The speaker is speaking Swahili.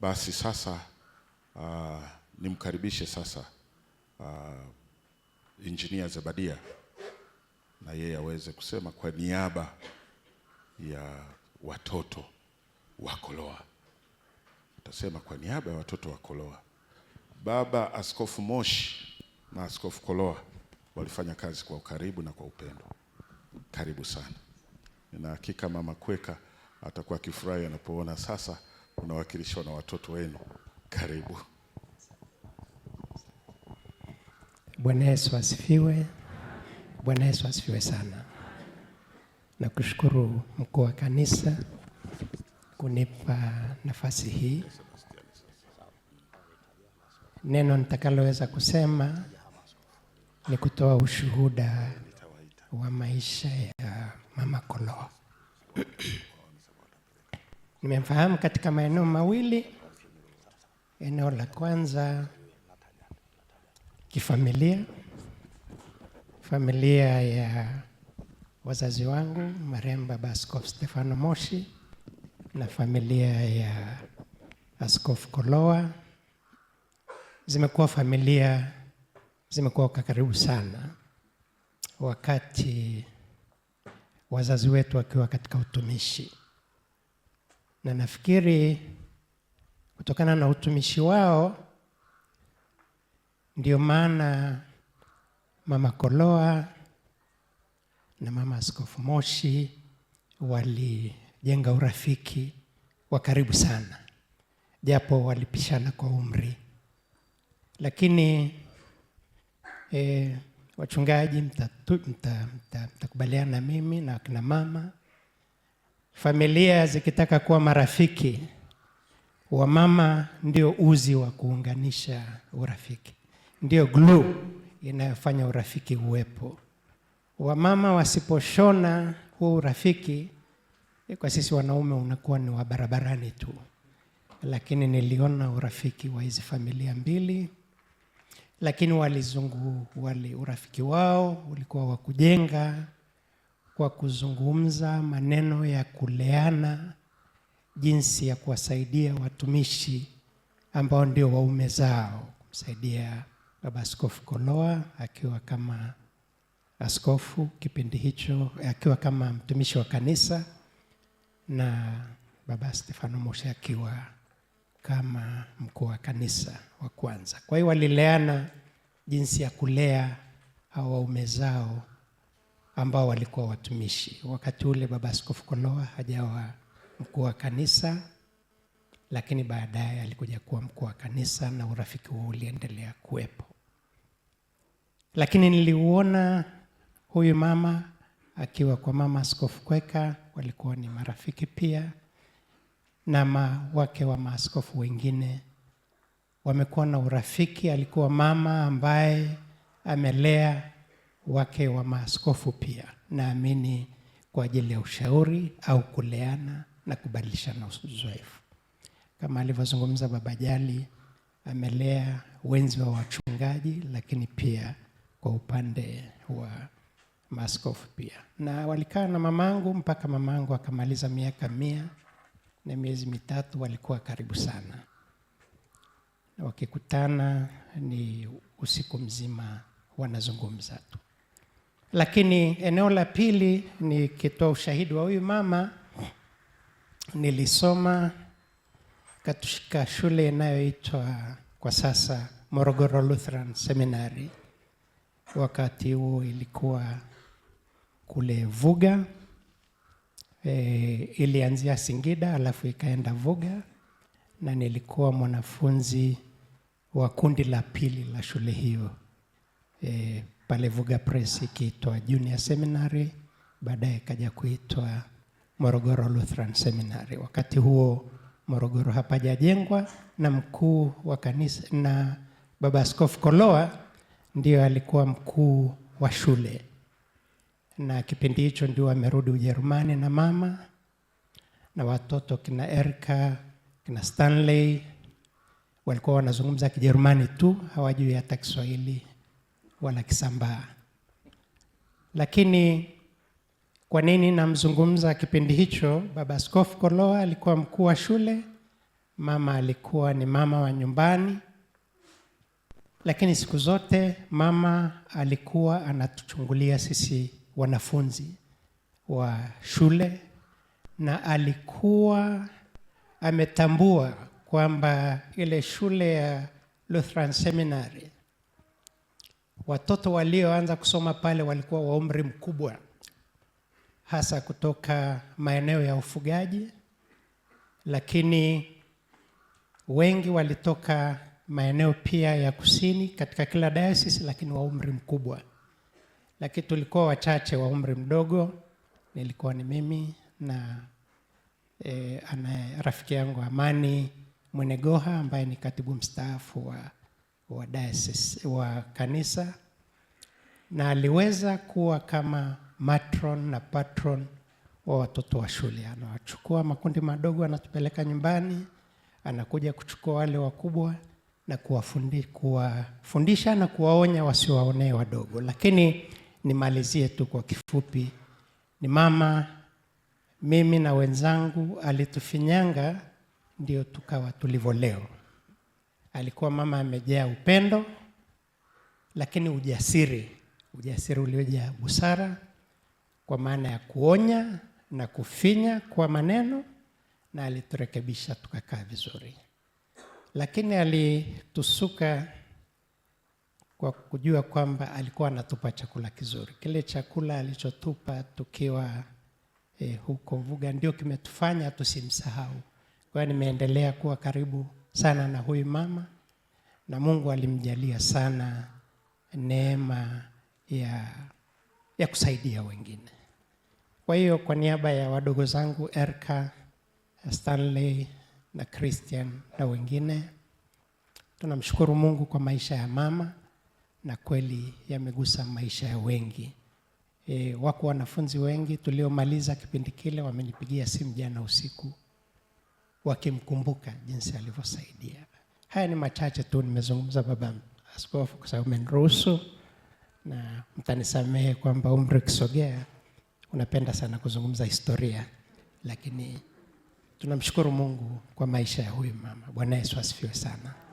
Basi sasa uh, nimkaribishe sasa uh, ah, Injinia Zebadia na yeye aweze kusema kwa niaba ya watoto wa koloa atasema kwa niaba ya watoto wa koloa Baba Askofu Moshi na Askofu koloa walifanya kazi kwa ukaribu na kwa upendo. Karibu sana. Nina hakika Mama Kweka atakuwa akifurahi anapoona sasa unawakilishwa na watoto wenu. Karibu. Bwana Yesu asifiwe. Bwana Yesu asifiwe sana. Nakushukuru mkuu wa kanisa kunipa nafasi hii. Neno nitakaloweza kusema ni kutoa ushuhuda wa maisha ya Mama koloa nimefahamu katika maeneo mawili. Eneo la kwanza kifamilia, familia ya wazazi wangu marehemu Baba Askofu Stefano Moshi na familia ya Askofu koloa zimekuwa familia, zimekuwa kwa karibu sana wakati wazazi wetu wakiwa katika utumishi na nafikiri kutokana na utumishi wao ndio maana Mama Koloa na Mama Askofu Moshi walijenga urafiki wa karibu sana, japo walipishana kwa umri. Lakini e, wachungaji mtakubaliana mta, mta, mta na mimi na akina mama Familia zikitaka kuwa marafiki, wamama ndio uzi wa kuunganisha urafiki, ndio glue inayofanya urafiki uwepo. Wamama wasiposhona huo urafiki, eh, kwa sisi wanaume unakuwa ni wa barabarani tu, lakini niliona urafiki wa hizi familia mbili, lakini walizungu wali urafiki wao ulikuwa wa kujenga kwa kuzungumza maneno ya kuleana jinsi ya kuwasaidia watumishi ambao ndio waume zao, kumsaidia Baba Askofu Koloa akiwa kama askofu kipindi hicho, akiwa kama mtumishi wa kanisa na Baba Stefano Moshe akiwa kama mkuu wa kanisa wa kwanza. Kwa hiyo walileana jinsi ya kulea hao waume zao ambao walikuwa watumishi wakati ule. Baba Askofu koloa hajawa mkuu wa kanisa, lakini baadaye alikuja kuwa mkuu wa kanisa na urafiki huo uliendelea kuwepo. Lakini niliuona huyu mama akiwa kwa mama Askofu Kweka, walikuwa ni marafiki pia, na ma wake wa maaskofu wengine wamekuwa na urafiki. Alikuwa mama ambaye amelea wake wa maaskofu pia naamini kwa ajili ya ushauri au kuleana na kubadilishana uzoefu. Kama alivyozungumza Baba Jali, amelea wenzi wa wachungaji, lakini pia kwa upande wa maaskofu pia, na walikaa na mamangu mpaka mamangu akamaliza miaka mia na miezi mitatu. Walikuwa karibu sana, wakikutana ni usiku mzima wanazungumza tu. Lakini eneo la pili, nikitoa ushahidi wa huyu mama, nilisoma katika shule inayoitwa kwa sasa Morogoro Lutheran Seminary. Wakati huo ilikuwa kule Vuga. E, ilianzia Singida alafu ikaenda Vuga, na nilikuwa mwanafunzi wa kundi la pili la shule hiyo e pale Vuga Press ikiitwa Junior Seminary, baadaye ikaja kuitwa Morogoro Lutheran Seminary. Wakati huo Morogoro hapajajengwa, na mkuu wa kanisa na Baba Askofu Koloa ndio alikuwa mkuu wa shule, na kipindi hicho ndio amerudi Ujerumani na mama na watoto kina Erka kina Stanley walikuwa wanazungumza Kijerumani tu, hawajui hata Kiswahili wanakisambaa. Lakini kwa nini namzungumza? Kipindi hicho baba Askofu koloa alikuwa mkuu wa shule, mama alikuwa ni mama wa nyumbani, lakini siku zote mama alikuwa anatuchungulia sisi wanafunzi wa shule, na alikuwa ametambua kwamba ile shule ya Lutheran Seminary Watoto walioanza kusoma pale walikuwa wa umri mkubwa, hasa kutoka maeneo ya ufugaji, lakini wengi walitoka maeneo pia ya kusini katika kila dayosis lakini wa umri mkubwa. Lakini tulikuwa wachache wa umri mdogo, nilikuwa ni mimi na e, ana rafiki yangu Amani Mwenegoha ambaye ni katibu mstaafu wa wa diocese, wa kanisa na aliweza kuwa kama matron na patron wa watoto wa shule. Anawachukua makundi madogo, anatupeleka nyumbani, anakuja kuchukua wale wakubwa na kuwafundi, kuwafundisha na kuwaonya wasiwaonee wadogo. Lakini nimalizie tu kwa kifupi, ni mama mimi na wenzangu alitufinyanga, ndio tukawa tulivyo leo alikuwa mama amejaa upendo, lakini ujasiri, ujasiri uliojaa busara, kwa maana ya kuonya na kufinya kwa maneno, na aliturekebisha tukakaa vizuri, lakini alitusuka kwa kujua kwamba alikuwa anatupa chakula kizuri. Kile chakula alichotupa tukiwa eh, huko Vuga ndio kimetufanya tusimsahau. kwayo nimeendelea kuwa karibu sana na huyu mama, na Mungu alimjalia sana neema ya, ya kusaidia wengine. Kwa hiyo kwa niaba ya wadogo zangu Erka, Stanley na Christian na wengine, tunamshukuru Mungu kwa maisha ya mama, na kweli yamegusa maisha ya wengi. E, wako wanafunzi wengi tuliomaliza kipindi kile wamenipigia simu jana usiku wakimkumbuka jinsi alivyosaidia. Haya ni machache tu, nimezungumza baba askofu kwa sababu ameniruhusu, na mtanisamehe kwamba umri ukisogea unapenda sana kuzungumza historia, lakini tunamshukuru Mungu kwa maisha ya huyu mama. Bwana Yesu asifiwe sana.